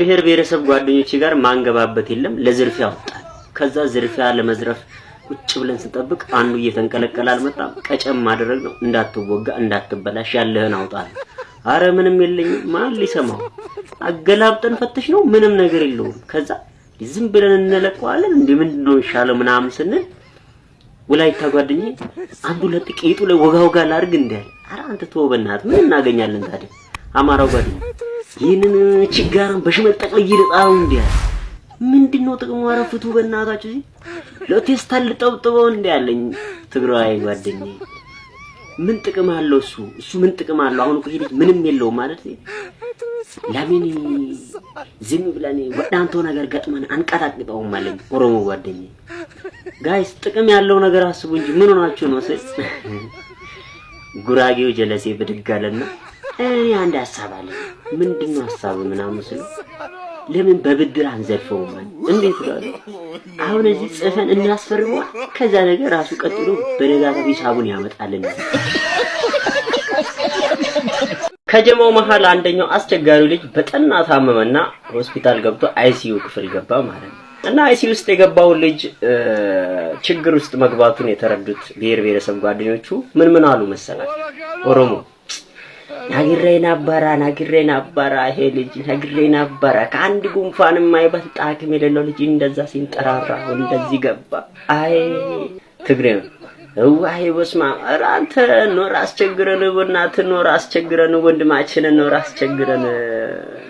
ብሔር ብሔረሰብ ጓደኞቼ ጋር ማንገባበት የለም። ለዝርፊያ ወጣ። ከዛ ዝርፊያ ለመዝረፍ ቁጭ ብለን ስንጠብቅ አንዱ እየተንቀለቀለ አልመጣም። ቀጨም ማድረግ ነው። እንዳትወጋ፣ እንዳትበላሽ፣ ያለህን አውጣል። አረ ምንም የለኝም። ማን ሊሰማው? አገላብጠን ፈተሽ ነው። ምንም ነገር የለውም። ከዛ ዝም ብለን እንለቀዋለን። እንደ ምንድን ነው ይሻለው ምናምን ስንል ወላይታ ጓደኛ አንዱ ለጥቂቱ ላይ ወጋ ወጋ ላድርግ እንዲያል። አረ አንተ ተወው በእናትህ ምን እናገኛለን ታዲያ? አማራው ጓደኛ ይህንን ችጋርን በሽመጠቅ ጠቅልዬ ልጣለው። እንዲ ምንድን ነው ጥቅሙ? ኧረ ፍቱ በእናታችሁ። ለቴስታን ልጠብጥበው እንዲያለኝ ትግራዊ ጓደኛዬ ምን ጥቅም አለው እሱ እሱ ምን ጥቅም አለው? አሁን እኮ ይሄ ምንም የለውም ማለት ለምን ዝም ብለን ወዳንተው ነገር ገጥመን አንቀጣቅጠውም? አለኝ ኦሮሞ ጓደኛዬ። ጋይስ ጥቅም ያለው ነገር አስቡ እንጂ ምን ሆናችሁ ነው? ስል ጉራጌው ጀለሴ ብድግ አለና እኔ አንድ ሀሳብ አለ። ምንድን ነው ሀሳቡ? ምናምን ስለው ለምን በብድር አንዘልፈውም? እንዴት ነው አሁን እዚህ ጽፈን እናስፈርመዋ። ከዛ ነገር ራሱ ቀጥሎ በደጋጋሚ ሂሳቡን ያመጣልን። ከጀማው መሀል አንደኛው አስቸጋሪው ልጅ በጠና ታመመና ሆስፒታል ገብቶ አይሲዩ ክፍል ገባ ማለት ነው። እና አይሲዩ ውስጥ የገባውን ልጅ ችግር ውስጥ መግባቱን የተረዱት ብሔር ብሔረሰብ ጓደኞቹ ምን ምን አሉ መሰላል ኦሮሞ ነግሬ ነበረ አግሬ ነበረ ይሄ ልጅ አግሬ ነበረ። ከአንድ ጉንፋን የማይበልጥ አቅም የሌለው ልጅ እንደዛ ሲንጠራራ እንደዚህ ገባ። አይ ትግሬ ነው እዋይ በስማ ኧረ አንተ ኖር አስቸግረን፣ በእናትህ ኖር አስቸግረን፣ ወንድማችንን ኖር አስቸግረን፣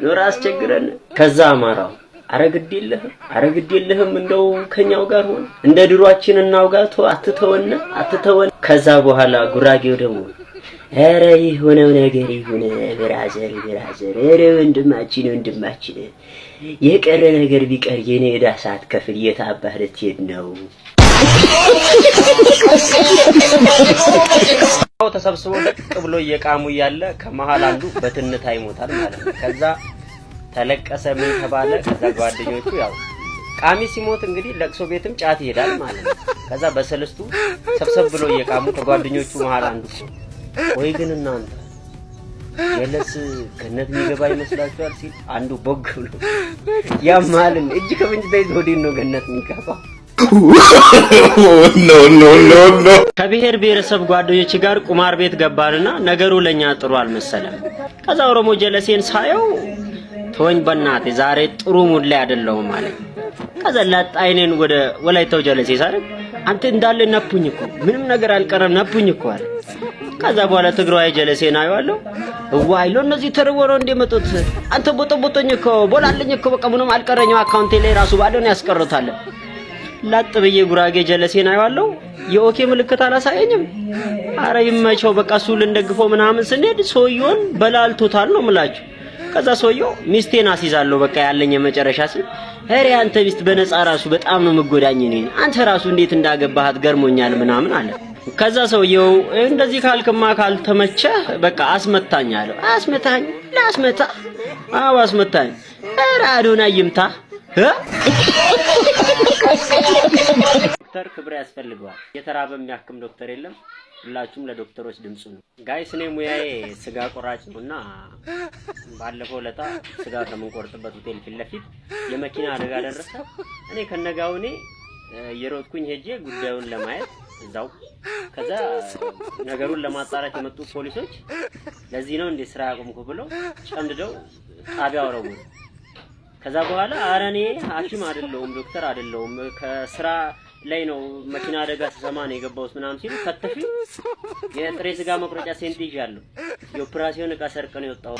ኖር አስቸግረን። ከዛ አማራው አረ ግድ የለህም አረ ግድ የለህም እንደው ከኛው ጋር ሆነ እንደ ድሯችን እናውጋቶ አትተወን አትተወን። ከዛ በኋላ ጉራጌው ደግሞ ኧረ የሆነው ነገር ይሁን ብራዘር ብራዘር፣ ኧረ ወንድማችን ወንድማችን፣ የቀረ ነገር ቢቀር የኔ ዕዳ ሳትከፍል የት አባህ ልትሄድ ነው? ተሰብስቦ ለቅ ብሎ እየቃሙ እያለ ከመሀል አንዱ በትንታ ይሞታል ማለት ነው። ከዛ ተለቀሰ ምን ተባለ? ከዛ ጓደኞቹ ያው ቃሚ ሲሞት እንግዲህ ለቅሶ ቤትም ጫት ይሄዳል ማለት ነው። ከዛ በሰለስቱ ሰብሰብ ብሎ እየቃሙ ከጓደኞቹ መሀል አንዱ ወይ ግን እናንተ የለስ ገነት የሚገባ ይመስላችኋል? ሲል አንዱ ቦግ ብሎ ያማልን እጅ ከፍንጅ ተይዞ ወዲህ ነው ገነት የሚገባ። ከብሔር ብሔረሰብ ጓደኞች ጋር ቁማር ቤት ገባንና ነገሩ ለእኛ ጥሩ አልመሰለም። ከዛ ኦሮሞ ጀለሴን ሳየው ተወኝ በናት ዛሬ ጥሩ ሙድ ላይ አይደለሁም ማለት። ከዛ ላጥ አይኔን ወደ ወላይታው ጀለሴ ሳደርግ አንተ እንዳለ ነፑኝ እኮ ምንም ነገር አልቀረም ነፑኝ እኮ አለ። ከዛ በኋላ ትግራዋይ ጀለሴና አይዋለሁ እዋ አይሎ እነዚህ ተረወረው እንደመጡት አንተ ቦጦ ቦጦኝ እኮ ቦላልኝ እኮ በቃ ምንም አልቀረኝም። አካውንቴ ላይ ራሱ ባለውን ያስቀሩታል። ላጥ ብዬ ጉራጌ ጀለሴና አይዋለሁ የኦኬ ምልክት አላሳየኝም። አረ ይመቸው በቃ እሱ ልንደግፈው ምናምን ስንሄድ ሰውየውን በላልቶታል ነው ምላችሁ። ከዛ ሰውየው ሚስቴን አስይዛለሁ በቃ ያለኝ የመጨረሻ ሲል ኧረ አንተ ሚስት በነፃ ራሱ በጣም ነው መጎዳኝ። እኔ አንተ ራሱ እንዴት እንዳገባህ ገርሞኛል ምናምን አለ። ከዛ ሰውየው እንደዚህ ካልክማ ካልተመቸ በቃ አስመታኝ አለው። አስመታኝ ላስመታ? አዎ አስመታኝ። ኧረ አዶናይ ይምታ። ዶክተር ክብር ያስፈልገዋል። የተራበ የሚያክም ዶክተር የለም። ሁላችሁም ለዶክተሮች ድምፁ ነው። ጋይስ እኔ ሙያዬ ስጋ ቆራጭ ነው እና ባለፈው ለታ ስጋ ከምንቆርጥበት ሆቴል ፊት ለፊት የመኪና አደጋ ደረሰ። እኔ ከነጋውኔ እየሮጥኩኝ ሄጄ ጉዳዩን ለማየት እዛው ከዛ ነገሩን ለማጣራት የመጡ ፖሊሶች ለዚህ ነው እንዴ ስራ ያቆምኩ ብለው ጨምድደው ጣቢያ አወረቡ። ከዛ በኋላ አረ እኔ ሐኪም አይደለሁም ዶክተር አይደለሁም ከስራ ላይ ነው መኪና አደጋ ስሰማ ነው የገባሁት ምናምን ሲሉ ከተፊ የጥሬ ስጋ መቁረጫ ሴንቲጅ ያለው የኦፕራሲዮን እቃ ሰርቅ ነው የወጣው።